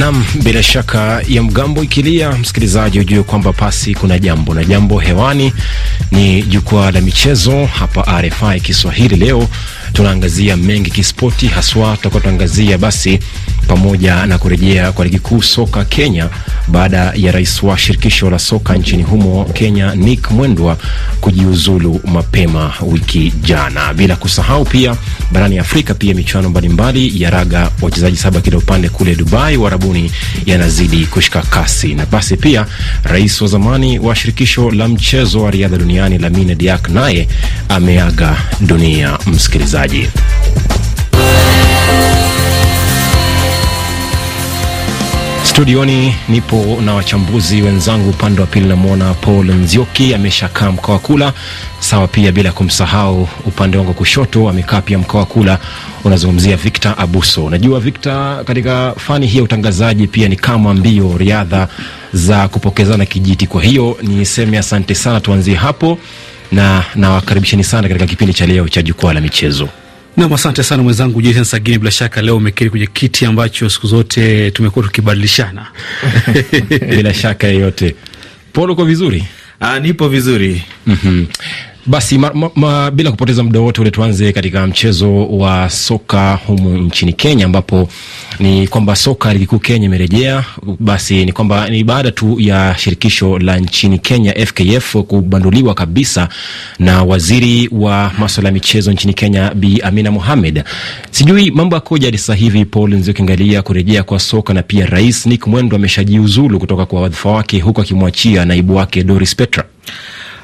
Nam, bila shaka ya mgambo ikilia, msikilizaji ujue kwamba pasi kuna jambo na jambo hewani. Ni jukwaa la michezo hapa RFI Kiswahili. Leo tunaangazia mengi kispoti, haswa tutakuwa tunaangazia basi pamoja na kurejea kwa ligi kuu soka Kenya baada ya rais wa shirikisho la soka nchini humo Kenya Nick Mwendwa kujiuzulu mapema wiki jana. Bila kusahau pia barani Afrika pia michuano mbalimbali ya raga wachezaji saba kila upande kule Dubai warabuni yanazidi kushika kasi. Na basi pia rais wa zamani wa shirikisho la mchezo wa riadha duniani Lamine Diack naye ameaga dunia, msikilizaji. Studioni nipo na wachambuzi wenzangu, upande wa pili namwona Paul Nzioki ameshakaa mkaa wa kula sawa, pia bila kumsahau upande wangu kushoto amekaa pia mkaa wa kula, unazungumzia Victor Abuso. Najua Victor, katika fani hii ya utangazaji pia ni kama mbio riadha za kupokezana kijiti, kwa hiyo niseme asante sana, tuanzie hapo na nawakaribisheni sana katika kipindi cha leo cha jukwaa la michezo. Nam, asante sana mwenzangu Jason Sagini. Bila shaka leo umekiri kwenye kiti ambacho siku zote tumekuwa tukibadilishana bila shaka yeyote. Polo, uko vizuri? Ah, nipo vizuri. mm -hmm. Basi ma, ma, ma, bila kupoteza muda wote ule tuanze katika mchezo wa soka humu nchini Kenya, ambapo ni kwamba soka ligi kuu Kenya imerejea. Basi ni kwamba ni baada tu ya shirikisho la nchini Kenya FKF kubanduliwa kabisa na waziri wa maswala ya michezo nchini Kenya Bi Amina Mohamed. Sijui mambo yakoje hadi sasa hivi, Paul Nzio, ukiangalia kurejea kwa soka na pia Rais Nick Mwendo ameshajiuzulu kutoka kwa wadhifa wake, huku akimwachia naibu wake Doris Petra.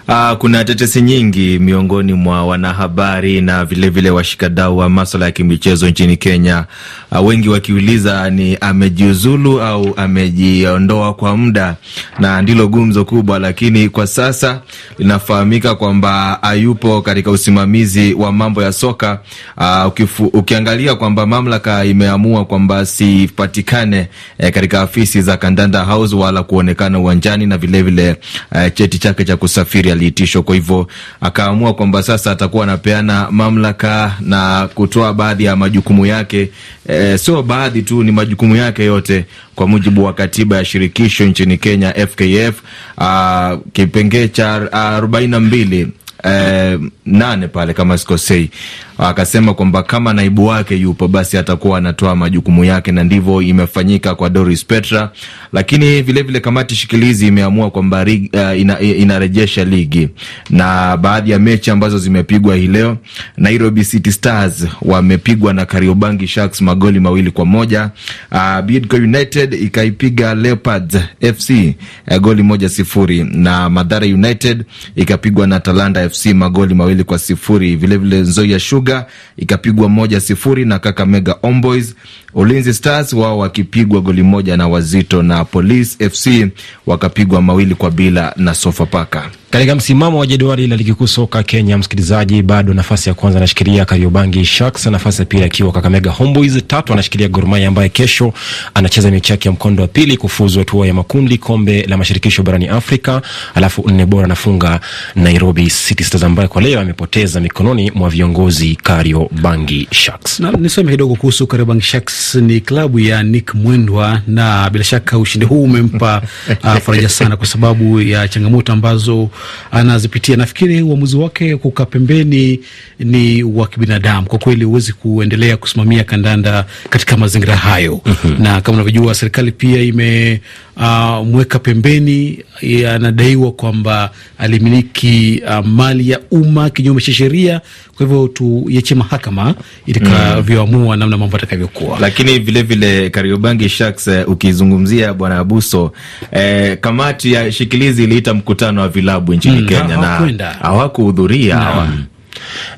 Uh, kuna tetesi nyingi miongoni mwa wanahabari na vilevile washikadau wa maswala ya kimichezo nchini Kenya, uh, wengi wakiuliza ni amejiuzulu au amejiondoa kwa muda, na ndilo gumzo kubwa, lakini kwa sasa linafahamika kwamba hayupo katika usimamizi wa mambo ya soka. Uh, ukifu, ukiangalia kwamba mamlaka imeamua kwamba sipatikane eh, katika afisi za Kandanda House wala kuonekana uwanjani na vilevile eh, cheti chake cha kusafiri aliitishwa. Kwa hivyo akaamua kwamba sasa atakuwa anapeana mamlaka na kutoa baadhi ya majukumu yake e, sio baadhi tu, ni majukumu yake yote kwa mujibu wa katiba ya shirikisho nchini Kenya FKF ah, kipengee cha arobaini na mbili eh, nane pale kama sikosei akasema kwamba kama naibu wake yupo basi atakuwa anatoa majukumu yake, na ndivyo imefanyika kwa Doris Petra. Lakini vilevile vile kamati shikilizi imeamua kwamba uh, ina, inarejesha ligi na baadhi ya mechi ambazo zimepigwa hii leo, Nairobi City Stars wamepigwa na Kariobangi Sharks magoli mawili kwa moja. Uh, Bidco United ikaipiga Leopards FC uh, eh, goli moja sifuri na Madhara United ikapigwa na Talanta FC magoli mawili kwa sifuri vilevile vile Nzoia Sugar Vuga ikapigwa moja sifuri na Kakamega Omboys Ulinzi Stars wao wakipigwa goli moja na Wazito na Police FC wakapigwa mawili kwa bila na Sofapaka. Katika msimamo wa jedwali la ligi kuu soka Kenya, msikilizaji, bado nafasi ya kwanza anashikilia Kariobangi Sharks, nafasi ya pili akiwa Kakamega Homeboys, tatu anashikilia Gor Mahia ambaye kesho anacheza mechi yake ya mkondo wa pili kufuzu hatua ya makundi kombe la mashirikisho barani Afrika, alafu nne bora anafunga Nairobi City Stars ambaye kwa leo amepoteza mikononi mwa viongozi Kariobangi Sharks. Na niseme kidogo kuhusu Kariobangi Sharks. Stars ni klabu ya Nick Mwendwa, na bila shaka ushindi huu umempa uh, faraja sana kwa sababu ya changamoto ambazo anazipitia. Nafikiri uamuzi wake kukaa pembeni ni wa kibinadamu kwa kweli, huwezi kuendelea kusimamia kandanda katika mazingira hayo mm -hmm. na kama unavyojua serikali pia imemweka uh, pembeni. Anadaiwa kwamba alimiliki uh, mali ya umma kinyume cha sheria kwa hivyo tuiache mahakama itakavyoamua mm. namna mambo atakavyokuwa. Lakini vilevile Kariobangi Sharks, eh, ukizungumzia bwana Abuso eh, kamati ya shikilizi iliita mkutano wa vilabu nchini mm, Kenya na hawakuhudhuria hawa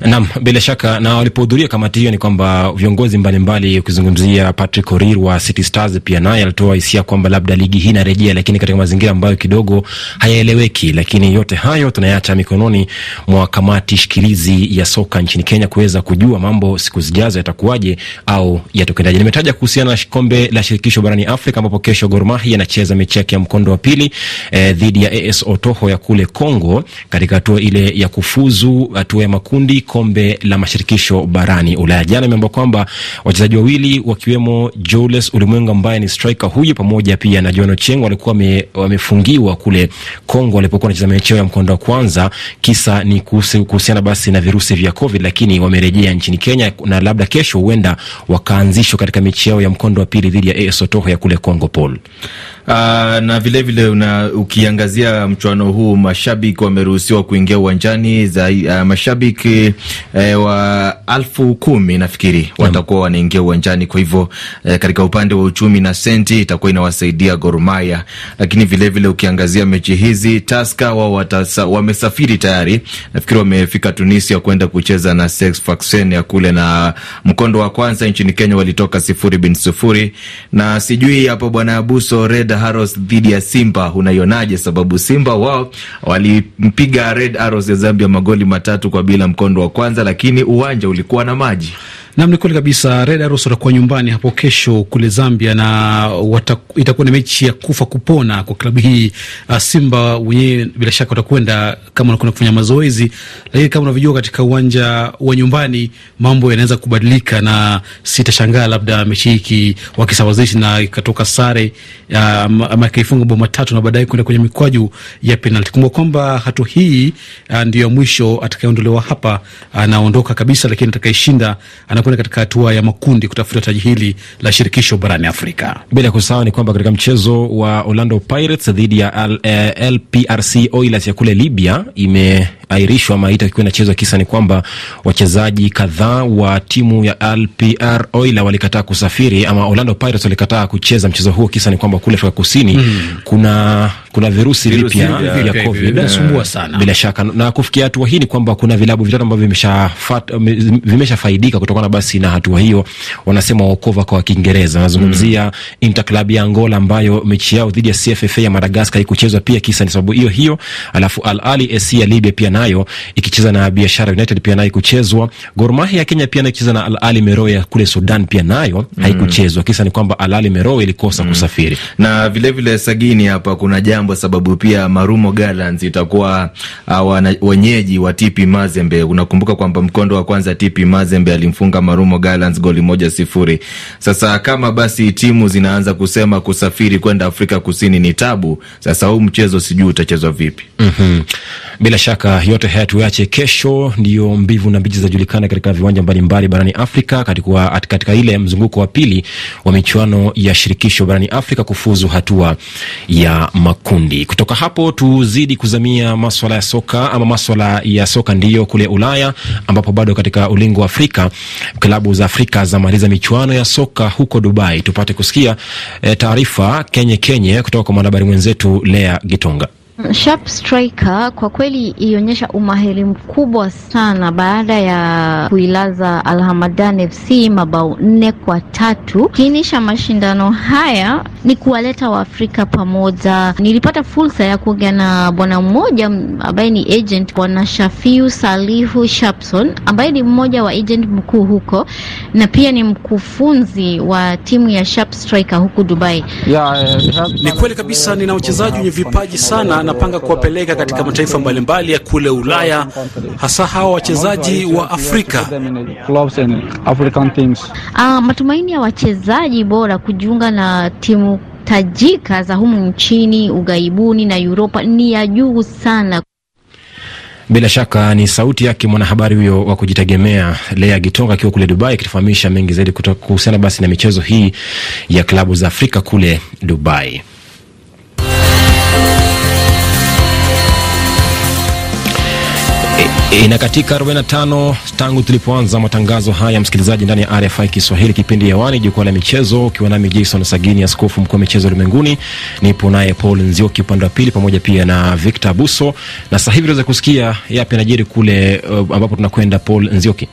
Naam, bila shaka. Na walipohudhuria kamati hiyo, ni kwamba viongozi mbalimbali, ukizungumzia Patrick Orir wa City Stars, pia naye alitoa hisia kwamba labda ligi hii inarejea, lakini katika mazingira ambayo kidogo hayaeleweki. Lakini yote hayo tunayaacha mikononi mwa kamati shikilizi ya soka nchini Kenya kuweza kujua mambo siku zijazo yatakuwaje au yatokendaje. Nimetaja kuhusiana na kombe la shirikisho barani Afrika, ambapo kesho Gor Mahia anacheza mechi yake ya mkondo wa pili eh, dhidi ya AS Otoho ya kule Congo katika hatua ile ya kufuzu hatua ya makundi kombe la mashirikisho barani Ulaya. Jana imeamba kwamba wachezaji wawili wakiwemo Jules Ulimwengu ambaye ni striker huyu pamoja pia na John Ochieng walikuwa wamefungiwa kule Kongo walipokuwa wanacheza mechi ya mkondo wa kwanza. Kisa ni kuhusiana basi na virusi vya COVID, lakini wamerejea nchini Kenya na labda kesho huenda wakaanzishwa katika mechi yao ya mkondo wa pili dhidi ya AS Otoho ya kule Kongo Paul. Uh, na vilevile vile ukiangazia mchuano huu mashabiki wameruhusiwa kuingia uwanjani za, uh, mashabiki eh, wa alfu kumi nafikiri watakuwa wanaingia uwanjani. Kwa hivyo eh, katika upande wa uchumi na senti itakuwa inawasaidia Gor Mahia, lakini vilevile vile ukiangazia mechi hizi Taska wao wamesafiri tayari, nafikiri wamefika Tunisia kwenda kucheza na Sfax Sfaxien ya kule, na mkondo wa kwanza nchini Kenya walitoka sifuri bin sifuri, na sijui hapo bwana Abuso Red Red Arrows dhidi ya Simba unaionaje? Sababu Simba wao walimpiga Red Arrows ya Zambia magoli matatu kwa bila mkondo wa kwanza, lakini uwanja ulikuwa na maji. Nam, ni kweli kabisa. Red Arrows watakuwa nyumbani hapo kesho kule Zambia na itakuwa ni mechi ya kufa kupona kwa klabu hii. Uh, Simba wenyewe bila shaka watakwenda kama wanakwenda kufanya mazoezi, lakini kama unavyojua katika uwanja wa nyumbani mambo yanaweza kubadilika, na sitashangaa labda mechi hiki wakisawazishi na ikatoka sare um, ama ikaifunga bao matatu na baadaye kwenda kwenye mikwaju ya penalti. Kumbuka kwamba hatua hii uh, ndiyo ya mwisho, atakayeondolewa hapa uh, anaondoka kabisa, lakini atakaishinda anakuwa kwenda katika hatua ya makundi kutafuta taji hili la shirikisho barani Afrika. Bila ya kusahau ni kwamba katika mchezo wa Orlando Pirates dhidi ya LPRC eh, Oilers ya kule Libya ime airishwa ama haitakuwa inachezwa. Kisa ni kwamba wachezaji kadhaa wa timu ya LPR Oila walikataa kusafiri ama Orlando Pirates walikataa kucheza mchezo huo. Kisa ni kwamba kule Afrika Kusini mm, kuna kuna virusi vipya vya COVID sana bila shaka, na kufikia hatua hii ni kwamba kuna vilabu vitatu ambavyo vimeshafaidika kutokana basi na hatua hiyo, wanasema waokova kwa Kiingereza. Nazungumzia mm, Inter Club ya Angola ambayo mechi yao dhidi ya CFFA ya Madagascar haikuchezwa pia, kisa ni sababu hiyo hiyo, alafu Al Ahly SC ya Libya pia na nayo ikicheza na Biashara United pia nayo kuchezwa. Gor Mahia ya Kenya pia nayo ikicheza na Al Ahly Merowe ya kule Sudan pia nayo mm. haikuchezwa. Kisa ni kwamba Al Ahly Merowe ilikosa mm. kusafiri. Na vilevile vile sagini hapa kuna jambo sababu pia Marumo Gallants itakuwa ah, wenyeji wa TP Mazembe. Unakumbuka kwamba mkondo wa kwanza TP Mazembe alimfunga Marumo Gallants goli moja sifuri. Sasa kama basi timu zinaanza kusema kusafiri kwenda Afrika Kusini ni tabu. Sasa huu mchezo sijui utachezwa vipi? mm -hmm. Bila shaka yote haya tuache kesho, ndiyo mbivu na mbichi zinajulikana katika viwanja mbalimbali barani Afrika katika, katika ile mzunguko wa pili wa michuano ya shirikisho barani Afrika kufuzu hatua ya makundi. Kutoka hapo tuzidi kuzamia maswala ya soka ama maswala ya soka ndiyo kule Ulaya, ambapo bado katika ulingo wa Afrika klabu za Afrika zamaliza michuano ya soka huko Dubai. Tupate kusikia e, taarifa kenye kenye kutoka kwa mwanahabari mwenzetu Lea Gitonga. Sharp Striker kwa kweli ilionyesha umahiri mkubwa sana baada ya kuilaza Alhamadan FC mabao nne kwa tatu. Kiinisha mashindano haya ni kuwaleta Waafrika pamoja. Nilipata fursa ya kuongea na bwana mmoja ambaye ni agent, bwana Shafiu Salihu Shapson, ambaye ni mmoja wa agent mkuu huko na pia ni mkufunzi wa timu ya Sharp Striker huku Dubai. Yeah, yeah, ni kweli kabisa, nina wachezaji wenye vipaji sana wanapanga kuwapeleka katika mataifa mbalimbali ya kule Ulaya, hasa hawa wachezaji wa Afrika. Uh, matumaini ya wachezaji bora kujiunga na timu tajika za humu nchini ugaibuni na Uropa ni ya juu sana. Bila shaka ni sauti yake mwanahabari huyo wa kujitegemea Lea Gitonga akiwa kule Dubai, akitufahamisha mengi zaidi kuhusiana basi na michezo hii ya klabu za Afrika kule Dubai. katika 45 tangu tulipoanza matangazo haya, msikilizaji, ndani ya RFI Kiswahili, kipindi hewani, jukwaa la michezo, ukiwa nami Jason Sagini, askofu mkuu wa michezo ulimwenguni. Nipo naye Paul Nzioki upande wa pili, pamoja pia na Victor Buso, na sasa hivi tunaweza kusikia yapi yanajiri kule, uh, ambapo tunakwenda. Paul Nzioki.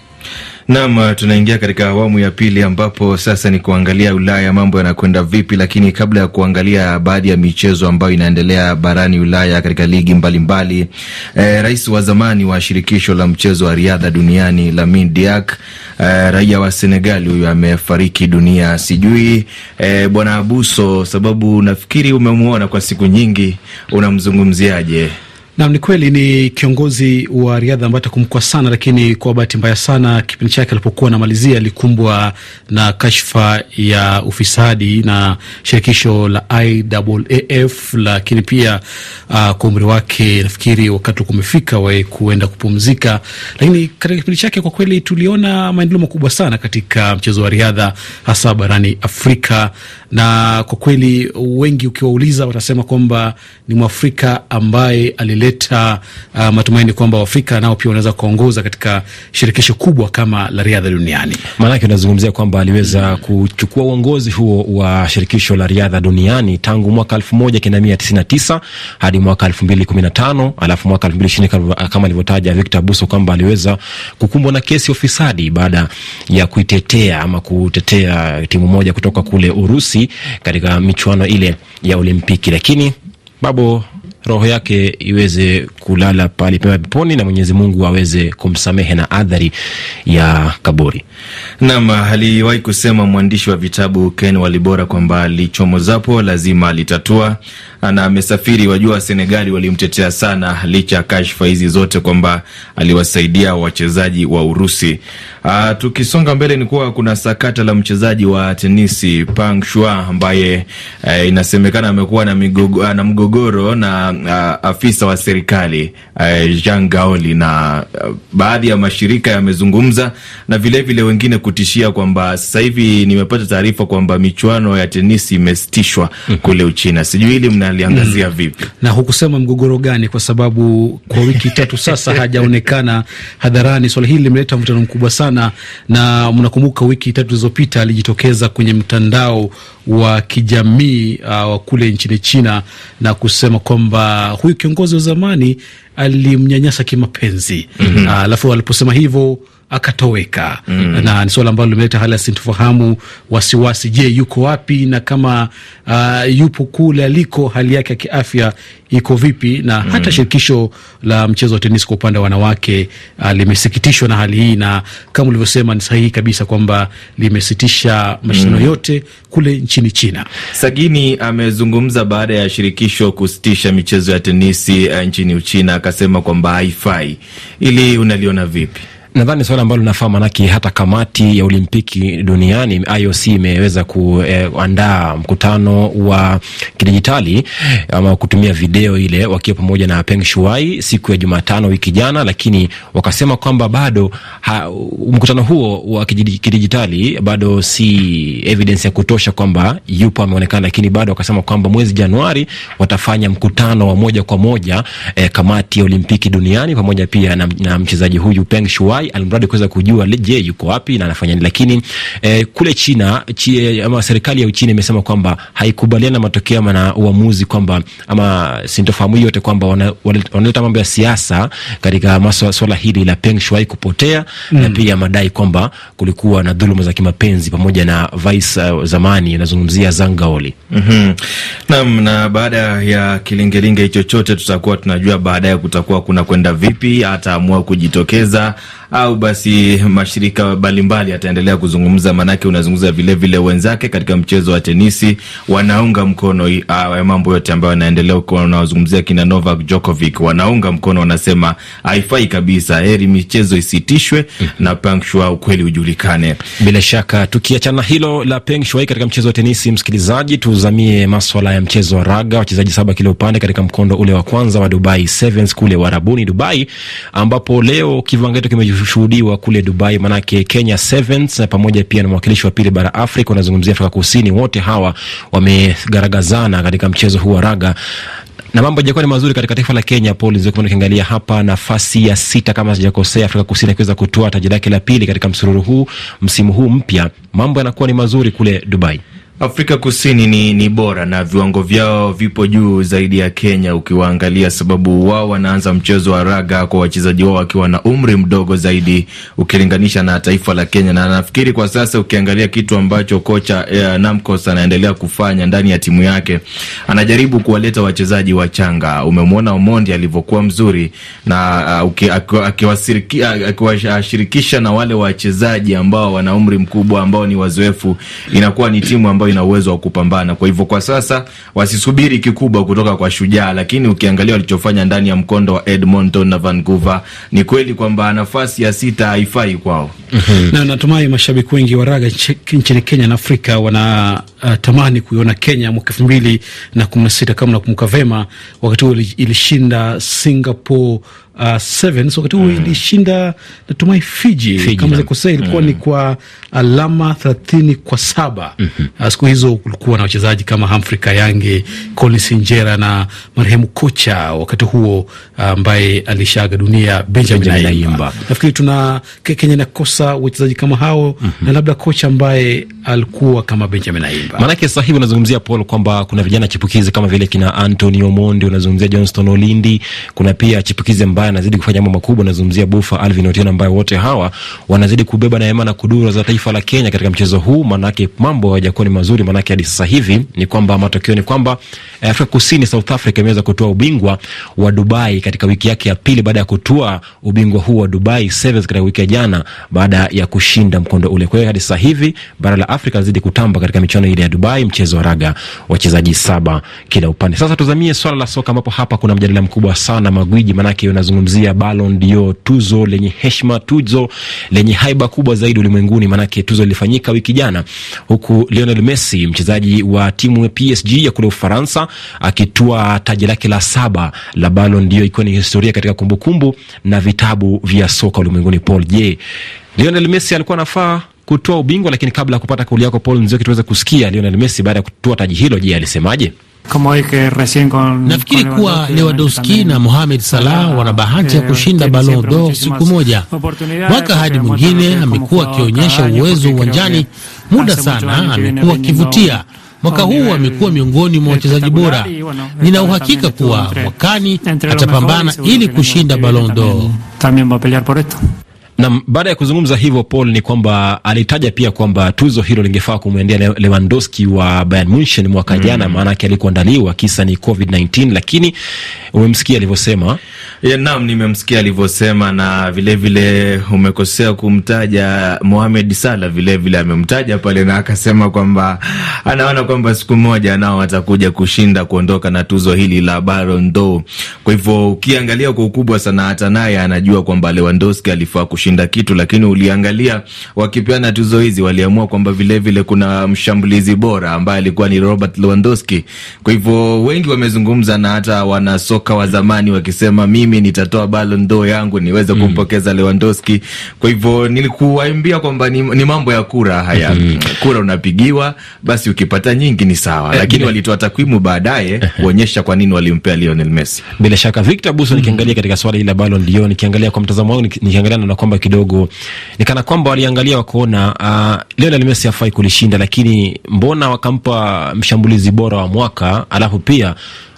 Naam, uh, tunaingia katika awamu ya pili ambapo sasa ni kuangalia Ulaya mambo yanakwenda vipi, lakini kabla ya kuangalia baadhi ya michezo ambayo inaendelea barani Ulaya katika ligi mbalimbali mbali. Eh, e, rais wa zamani wa shirikisho la mchezo wa riadha duniani Lamine Diak, e, eh, raia wa Senegali huyu amefariki dunia. Sijui e, bwana Abuso, sababu nafikiri umemwona kwa siku nyingi, unamzungumziaje? Nam, ni kweli ni kiongozi wa riadha ambaye atakumbukwa sana, lakini kwa bahati mbaya sana kipindi chake alipokuwa anamalizia alikumbwa na kashfa ya ufisadi na shirikisho la IAAF, lakini pia uh, kwa umri wake nafikiri wakati umefika wae kuenda kupumzika, lakini katika kipindi chake kwa kweli tuliona maendeleo makubwa sana katika mchezo wa riadha hasa barani Afrika na kwa kweli wengi ukiwauliza watasema kwamba ni Mwafrika ambaye alileta uh, matumaini kwamba Waafrika nao pia wanaweza kuongoza katika shirikisho kubwa kama la riadha duniani. Maanake unazungumzia kwamba aliweza kuchukua uongozi huo wa shirikisho la riadha duniani tangu mwaka elfu moja kenda mia tisini na tisa hadi mwaka elfu mbili kumi na tano alafu mwaka elfu mbili ishirini kama alivyotaja Victor Buso kwamba aliweza kukumbwa na kesi ya ufisadi baada ya kuitetea ama kutetea timu moja kutoka kule Urusi katika michuano ile ya Olimpiki, lakini babo roho yake iweze kulala pale pema peponi na Mwenyezi Mungu aweze kumsamehe na adhari ya kaburi. nam aliwahi kusema mwandishi wa vitabu Ken Walibora kwamba lichomozapo lazima litatua na amesafiri. Wajua wa Senegali walimtetea sana, licha ya kashfa hizi zote kwamba aliwasaidia wachezaji wa Urusi. Aa, ah, tukisonga mbele ni kuwa kuna sakata la mchezaji wa tenisi Pang Shua ambaye e, inasemekana amekuwa na, na mgogoro na a, ah, afisa wa serikali e, Jean Gaoli na a, eh, baadhi ya mashirika yamezungumza na vilevile vile wengine kutishia kwamba sasa hivi nimepata taarifa kwamba michuano ya tenisi imesitishwa mm-hmm. kule Uchina. Sijui hili mna aliangazia mm. vipi? Na hukusema mgogoro gani? Kwa sababu kwa wiki tatu sasa hajaonekana hadharani. Swala hili limeleta mvutano mkubwa sana, na mnakumbuka wiki tatu zilizopita alijitokeza kwenye mtandao wa kijamii uh, wa kule nchini China na kusema kwamba huyu kiongozi wa zamani alimnyanyasa kimapenzi, mhm. uh, alafu mm -hmm. uh, aliposema hivyo akatoweka mm. na ni suala ambalo limeleta hali ya sintofahamu, wasiwasi. Je, yuko wapi? Na kama uh, yupo kule aliko, hali yake ya kiafya iko vipi? Na mm. hata shirikisho la mchezo wa tenisi kwa upande wa wanawake uh, limesikitishwa na hali hii, na kama ulivyosema ni sahihi kabisa kwamba limesitisha mashindano mm. yote kule nchini China. Sagini amezungumza baada ya shirikisho kusitisha michezo ya tenisi uh, nchini Uchina, akasema kwamba haifai. Ili unaliona vipi? nadhani swala ambalo linafaa, maanake hata kamati ya Olimpiki duniani IOC imeweza kuandaa eh, mkutano wa kidijitali ama kutumia video ile wakiwa pamoja na Peng Shuai siku ya Jumatano wiki jana, lakini wakasema kwamba bado ha, mkutano huo wa kidijitali bado si evidence ya kutosha kwamba yupo ameonekana, lakini bado wakasema kwamba mwezi Januari watafanya mkutano wa moja kwa moja eh, kamati ya Olimpiki duniani pamoja pia na, na mchezaji huyu Peng Shuai kumtry alimradi kuweza kujua je yuko wapi na anafanya nini, lakini eh, kule China eh, ama serikali ya Uchina imesema kwamba haikubaliana na matokeo ama na uamuzi kwamba ama sintofahamu yote kwamba wanaleta mambo ya siasa katika maswala swala hili la Peng Shuai kupotea mm. na pia madai kwamba kulikuwa na dhuluma za kimapenzi pamoja na vice uh, zamani anazungumzia Zangaoli. mm -hmm. Naam, na baada ya kilingelinge hicho chote tutakuwa tunajua baadaye kutakuwa kuna kwenda vipi, ataamua kujitokeza au basi mashirika mbalimbali yataendelea kuzungumza, maanake unazungumza vilevile wenzake katika mchezo wa tenisi wanaunga mkono uh, mambo yote ambayo yanaendelea huko, unawazungumzia kina Novak Djokovic wanaunga mkono, wanasema haifai kabisa, heri michezo isitishwe mm -hmm. na Peng ukweli ujulikane. Bila shaka tukiachana hilo la Peng Shuai katika mchezo wa tenisi, msikilizaji, tuzamie maswala ya mchezo wa raga, wachezaji saba kila upande katika mkondo ule wa kwanza wa Dubai Sevens kule Warabuni Dubai, ambapo leo kivangeto kimeju kushuhudiwa kule Dubai, manake Kenya Sevens pamoja pia na mwakilishi wa pili bara Afrika, wanazungumzia Afrika Kusini, wote hawa wamegaragazana katika mchezo huu wa raga na mambo hajakuwa ni mazuri katika taifa la Kenya. Paul Nzioki, ukiangalia hapa, nafasi ya sita kama sijakosea, Afrika Kusini akiweza kutoa taji lake la pili katika msururu huu msimu huu mpya, mambo yanakuwa ni mazuri kule Dubai. Afrika Kusini ni, ni bora na viwango vyao vipo juu zaidi ya Kenya ukiwaangalia, sababu wao wanaanza mchezo wa raga kwa wachezaji wao wakiwa na umri mdogo zaidi ukilinganisha na taifa la Kenya. Na nafikiri kwa sasa ukiangalia kitu ambacho kocha eh, Namcos anaendelea kufanya ndani ya timu yake, anajaribu kuwaleta wachezaji wachanga. Umemwona Omondi alivyokuwa mzuri na uh, uh akiwashirikisha na wale wachezaji ambao wana umri mkubwa ambao ni wazoefu, inakuwa ni timu ambayo ambayo ina uwezo wa kupambana. Kwa hivyo kwa sasa wasisubiri kikubwa kutoka kwa Shujaa, lakini ukiangalia walichofanya ndani ya mkondo wa Edmonton na Vancouver, ni kweli kwamba nafasi ya sita haifai kwao. Mhm. Na natumai mashabiki wengi wa raga nchini Kenya na Afrika wanatamani uh, kuiona Kenya mwaka elfu mbili na kumi na sita kama nakumbuka vema, wakati huo ilishinda Singapore uh, Sevens wakati huo mm. ilishinda natumai Fiji, Fiji kama sikosea ilikuwa mm. ni kwa alama thelathini kwa saba mm -hmm. Siku hizo kulikuwa na wachezaji kama Humphrey Kayange, Collins Injera na marehemu kocha wakati huo uh, ambaye uh, alishaaga dunia Benjamin Ayimba. Nafikiri tuna Kenya inakosa wachezaji kama hao mm -hmm. na labda kocha ambaye alikuwa kama Benjamin Ayimba. Maanake sahihi unazungumzia Paul kwamba kuna vijana chipukizi kama vile kina Antonio Mondi, unazungumzia Johnston Olindi, kuna pia chipukizi ambaye ambaye anazidi kufanya mambo makubwa. Nazungumzia Bufa Alvin Otieno, ambaye wote hawa wanazidi kubeba neema na kudura za taifa la Kenya katika mchezo huu, manake mambo hayajakuwa ni mazuri. Manake hadi sasa hivi ni kwamba matokeo ni kwamba eh, Afrika Kusini, South Africa imeweza kutoa ubingwa wa Dubai katika wiki yake ya pili baada ya kutoa ubingwa huu wa Dubai Sevens katika wiki ya jana baada ya kushinda mkondo ule. Kwa hiyo hadi sasa hivi bara la Afrika lazidi kutamba katika michuano ile ya Dubai, mchezo wa raga, wachezaji saba kila upande. Sasa tuzamie swala la soka, ambapo hapa kuna mjadala mkubwa sana magwiji, manake unazungumza tunazungumzia Ballon d'Or, tuzo lenye heshima, tuzo lenye haiba kubwa zaidi ulimwenguni, maanake tuzo lilifanyika wiki jana, huku Lionel Messi mchezaji wa timu ya PSG ya kule Ufaransa akitua taji lake la saba la Ballon d'Or, ikiwa ni historia katika kumbukumbu kumbu na vitabu vya soka ulimwenguni. Paul, je, Lionel Messi alikuwa anafaa kutoa ubingwa? Lakini kabla ya kupata kauli yako Paul nzio kituweze kusikia Lionel Messi baada ya kutoa taji hilo, je, alisemaje? Nafikiri kuwa Lewandowski na Mohamed Salah wana bahati ya eh, kushinda Ballon d'Or siku moja. Mwaka hadi mwingine amekuwa akionyesha uwezo uwanjani muda sana, amekuwa akivutia. Mwaka huu amekuwa miongoni mwa wachezaji bora. Nina uhakika kuwa mwakani atapambana ili kushinda Ballon d'Or. Na baada ya kuzungumza hivyo, Paul, ni kwamba alitaja pia kwamba tuzo hilo lingefaa kumwendea Lewandowski wa Bayern Munchen mwaka mm. jana, maanake mm. alikuandaliwa kisa ni COVID-19, lakini umemsikia alivyosema. Yeah, naam, nimemsikia alivyosema na vilevile vile umekosea kumtaja Mohamed Salah, vilevile amemtaja pale na akasema kwamba anaona kwamba siku moja nao atakuja kushinda kuondoka na tuzo hili la Ballon d'Or. Kwa hivyo ukiangalia kwa ukubwa sana, hata naye anajua kwamba Lewandowski alifaa kushinda kushinda kitu, lakini uliangalia wakipeana tuzo hizi waliamua kwamba vilevile kuna mshambulizi bora ambaye alikuwa ni Robert Lewandowski. Kwa hivyo wengi wamezungumza na hata wanasoka wa zamani wakisema, mimi nitatoa Ballon d'Or yangu niweze mm. kumpokeza Lewandowski. Kwa hivyo nilikuwaimbia kwamba ni, ni mambo ya kura haya mm. kura unapigiwa basi, ukipata nyingi ni sawa, eh, lakini walitoa takwimu baadaye kuonyesha kwa nini walimpea Lionel Messi. Bila shaka Victor Buso, nikiangalia mm-hmm. katika swala hili la Ballon d'Or, nikiangalia kwa mtazamo wangu, nikiangalia naona kwamba kwamba kidogo ni kana kwamba waliangalia wakaona, uh, ah, Lionel Messi afai kulishinda, lakini mbona wakampa mshambulizi bora wa mwaka, alafu pia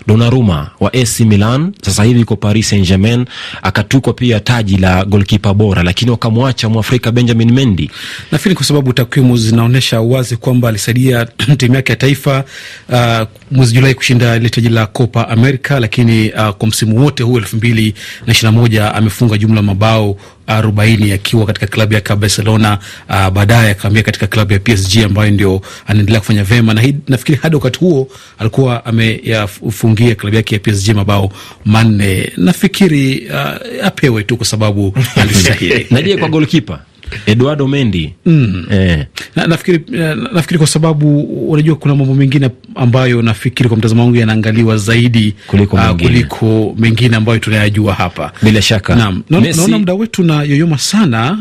Donnarumma wa AC Milan sasa hivi yuko Paris Saint-Germain, akatukwa pia taji la goalkeeper bora, lakini wakamwacha Mwafrika Benjamin Mendy. Nafikiri kwa sababu takwimu zinaonyesha wazi kwamba alisaidia timu yake ya taifa uh, mwezi Julai kushinda ile taji la Copa America, lakini uh, kwa msimu wote huu 2021 amefunga jumla mabao arobaini akiwa katika klabu yake ya Barcelona. Uh, baadaye akaambia katika klabu ya PSG ambayo ndio anaendelea kufanya vema, na hii nafikiri hadi wakati huo alikuwa ameyafungia klabu yake ya PSG mabao manne. Nafikiri uh, apewe tu kwa sababu alistahili. Najie kwa golkipa Eduardo Mendi mm. eh. Na, nafikiri, na, eh, nafikiri kwa sababu unajua kuna mambo mengine ambayo nafikiri kwa mtazamo wangu yanaangaliwa zaidi kuliko uh, mengine, kuliko mengine ambayo tunayajua hapa bila shaka. Naam, naona muda wetu na yoyoma sana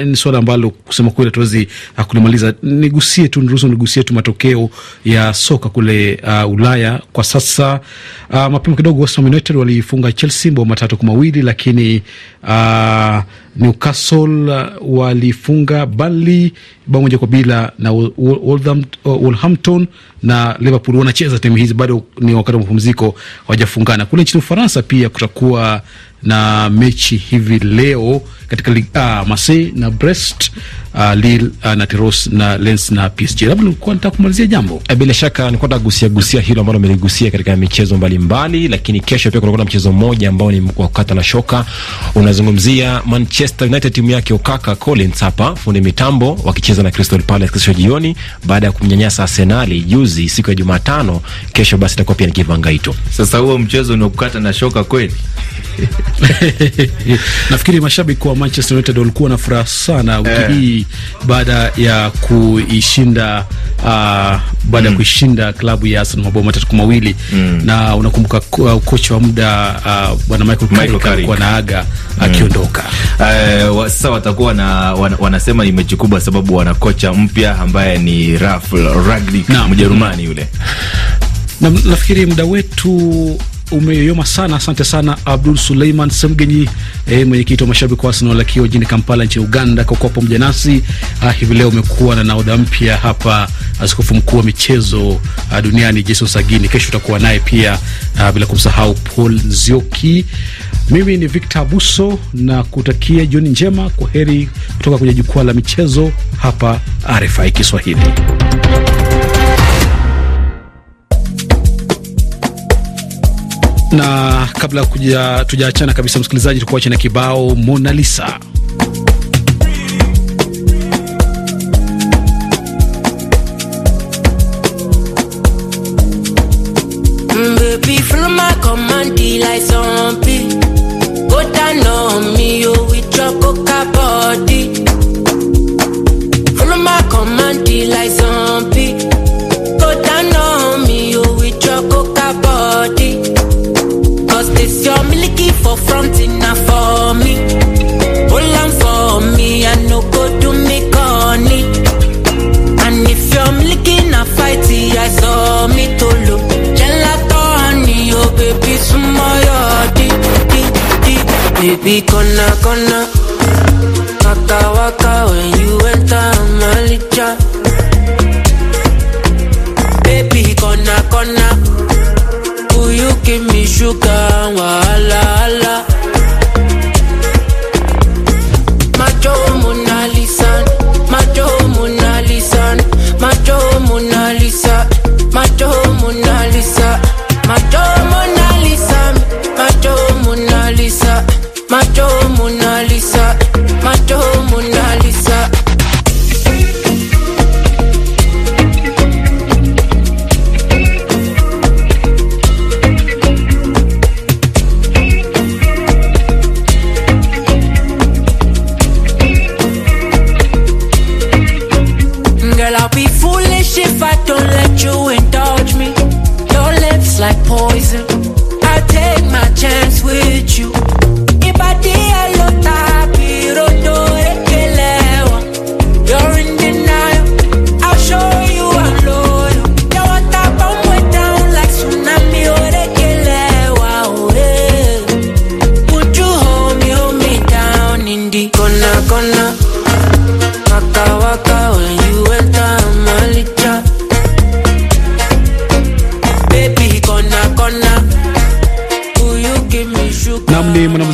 uh, ni swala ambalo kusema kweli hatuwezi uh, kulimaliza. Nigusie tu, niruhusu nigusie tu matokeo ya soka kule uh, Ulaya kwa sasa. Uh, mapema kidogo West Ham United waliifunga Chelsea bao matatu kwa mawili lakini uh, Newcastle uh, walifunga Burnley bao moja kwa bila na uh, Wolverhampton na Liverpool wanacheza timu hizi bado ni wakati wa mapumziko, hawajafungana. Kule nchini Ufaransa pia kutakuwa na mechi hivi leo katika uh, Marseille na Brest uh, Lille uh, na Tiros na Lens na PSG. Labda nilikuwa nataka kumalizia jambo. Eh, bila shaka nilikuwa nataka gusia gusia hilo ambalo umeligusia katika michezo mbalimbali mbali, lakini kesho pia kuna mchezo mmoja ambao ni wa kukata na shoka. Unazungumzia Manchester United, timu yake Okaka Collins hapa fundi mitambo wakicheza na Crystal Palace kesho jioni baada ya kumnyanyasa Arsenal juzi siku ya Jumatano. Kesho basi itakuwa pia ni kivangaito. Sasa huo mchezo ni wa kukata na shoka kweli? Nafikiri mashabiki wa Manchester United walikuwa na furaha sana wiki yeah, hii baada ya kuishinda uh, baada ya mm, kuishinda klabu ya Arsenal mabao matatu kwa mawili mm, na unakumbuka uh, kocha wa muda uh, bwana Michael, Michael Carrick alikuwa naaga mm, akiondoka. Uh, sasa watakuwa na wan, wanasema ni mechi kubwa sababu wana kocha mpya ambaye ni Ralf Rangnick Mjerumani yule. Na nafikiri muda wetu umeyoma sana. Asante sana Abdul Suleiman Semgenyi, eh, mwenyekiti wa mashabiki wa Arsenal akiwa jijini Kampala nchini Uganda, kwa kuwa pamoja nasi ah, hivi leo. Umekuwa na naodha mpya hapa, askofu mkuu wa michezo ah, duniani Jason Sagini. Kesho utakuwa naye pia ah, bila kumsahau Paul Zioki. Mimi ni Victor Abuso na kutakia jioni njema. Kwa heri kutoka kwenye jukwaa la michezo hapa RFI Kiswahili. kabla tujaachana kabisa, msikilizaji, tukuache na kibao Mona Lisa. city, I saw me to look. Gelato, honey, oh baby, sumoyo, di, di, di. Baby, kona, kona. Waka, waka, when you enter my licha. Baby, kona, kona. Will you give me sugar, wala, wala. my door.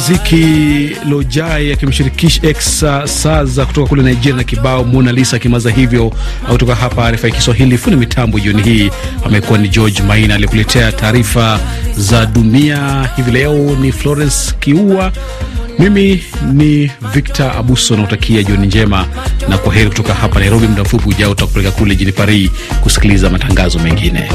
muziki Lojai akimshirikisha ex Saza kutoka kule Nigeria na kibao Mona Lisa akimaza hivyo. Kutoka hapa RFI Kiswahili, fundi mitambo jioni hii amekuwa ni George Maina, aliyekuletea taarifa za dunia hivi leo ni Florence Kiua, mimi ni Victor Abuso nautakia jioni njema na kwa heri kutoka hapa Nairobi. Muda mfupi ujao utakupeleka kule jijini Paris kusikiliza matangazo mengine.